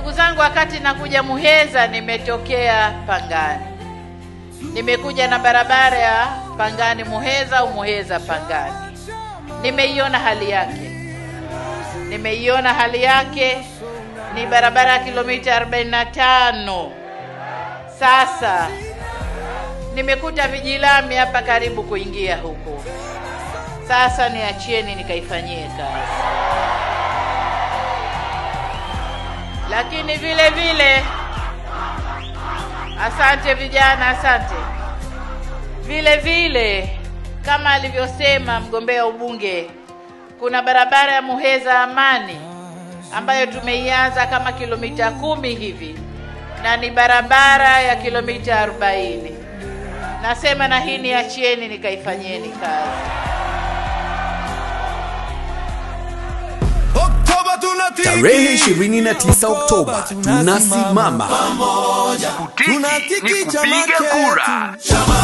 Ndugu zangu, wakati nakuja Muheza nimetokea Pangani, nimekuja na barabara ya Pangani Muheza au Muheza Pangani, nimeiona hali yake, nimeiona hali yake. Ni barabara ya kilomita 45. Sasa nimekuta vijilami hapa karibu kuingia huku, sasa niachieni nikaifanyie kazi. lakini vile vile, asante vijana, asante vile vile, kama alivyosema mgombea ubunge, kuna barabara ya Muheza Amani ambayo tumeianza kama kilomita kumi hivi na ni barabara ya kilomita 40. Nasema na hii niachieni, nikaifanyeni kazi. Tarehe 29 Oktoba tunasimama pamoja kupiga kura.